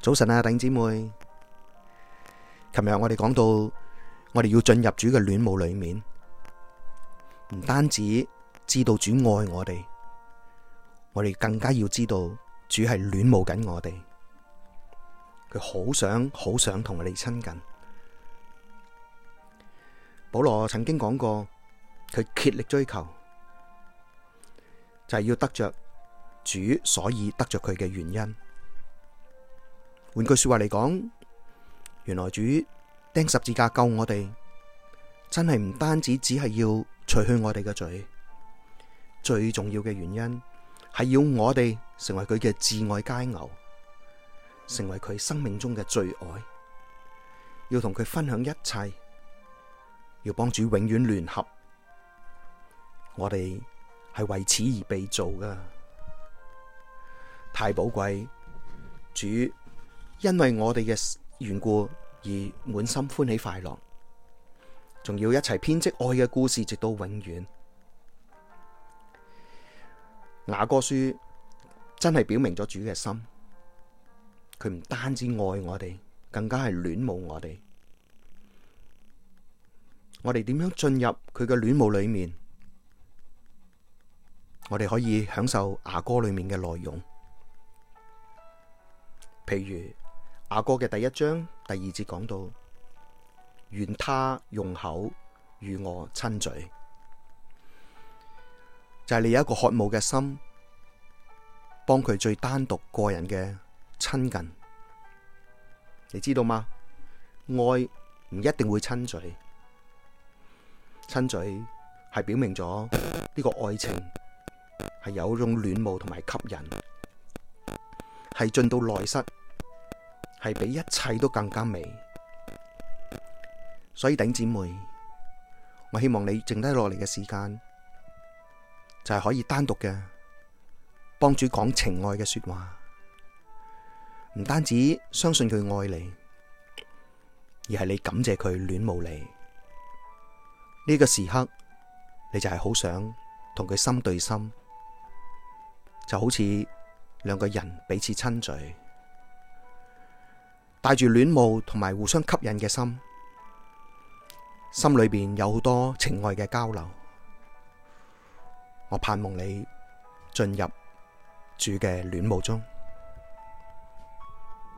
早晨啊，弟兄姊妹，琴日我哋講到，我哋要進入主嘅戀慕裏面，唔單止知道主愛我哋，我哋更加要知道主係戀慕緊我哋，佢好想好想同我哋親近。保羅曾經講過，佢竭力追求，就係要得着主，所以得着佢嘅原因。換句話說話嚟講，原來主釘十字架救我哋，真係唔單止只係要除去我哋嘅罪，最重要嘅原因係要我哋成為佢嘅至愛佳偶，成為佢生命中嘅最愛，要同佢分享一切，要幫主永遠聯合。我哋係為此而被造㗎，太寶貴，主。因為我哋嘅緣故而滿心歡喜快樂，仲要一齊編織愛嘅故事直到永遠。雅歌書真係表明咗主嘅心，佢唔單止愛我哋，更加係戀慕我哋。我哋點樣進入佢嘅戀慕裏面？我哋可以享受雅歌裏面嘅內容，譬如。雅歌嘅第一章第二節講到，願他用口與我親嘴，就係、是、你有一個渴慕嘅心，幫佢最單獨個人嘅親近。你知道嗎？愛唔一定會親嘴，親嘴係表明咗呢、這個愛情係有一種戀慕同埋吸引，係進到內室。係比一切都更加美，所以頂姐妹，我希望你剩低落嚟嘅時間就係可以單獨嘅幫主講情愛嘅說話，唔單止相信佢愛你，而係你感謝佢戀慕你。呢、這個時刻，你就係好想同佢心對心，就好似兩個人彼此親嘴。帶住戀慕同埋互相吸引嘅心，心裏邊有好多情愛嘅交流。我盼望你進入主嘅戀慕中。